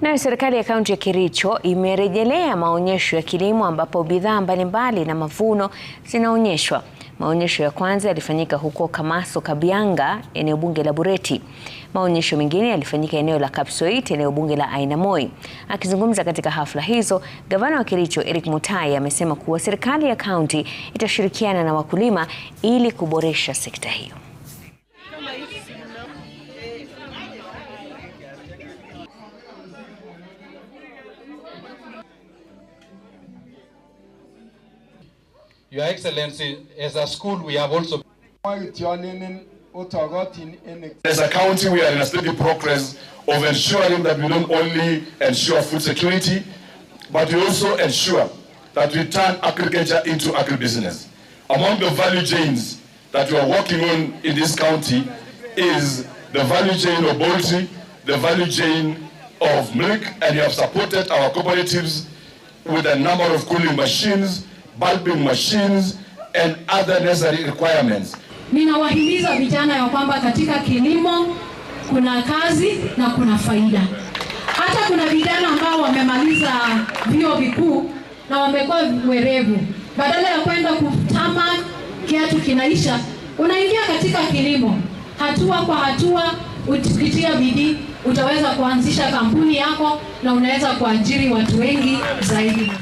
Nayo serikali ya kaunti ya Kericho imerejelea maonyesho ya kilimo ambapo bidhaa mbalimbali na mavuno zinaonyeshwa. Maonyesho ya kwanza yalifanyika huko Kamaso Kabianga, eneo bunge la Bureti. Maonyesho mengine yalifanyika eneo la Kapsoit, eneo bunge la Ainamoi. Akizungumza katika hafla hizo, gavana wa Kericho Eric Mutai amesema kuwa serikali ya kaunti itashirikiana na wakulima ili kuboresha sekta hiyo. Your Excellency, as a school, we have also. As a county, we are in a steady progress of ensuring that we not only ensure food security, but we also ensure that we turn agriculture into agribusiness. Among the value chains that we are working on in this county is the value chain of poultry, the value chain of milk and you have supported our cooperatives with a number of cooling machines, bulbing machines and other necessary requirements. Ninawahimiza vijana ya kwamba katika kilimo kuna kazi na kuna faida. Hata kuna vijana ambao wamemaliza vyuo vikuu na wamekuwa werevu, badala ya kwenda kutama kiatu kinaisha, unaingia katika kilimo hatua kwa hatua ukitia bidii utaweza kuanzisha kampuni yako na unaweza kuajiri watu wengi zaidi.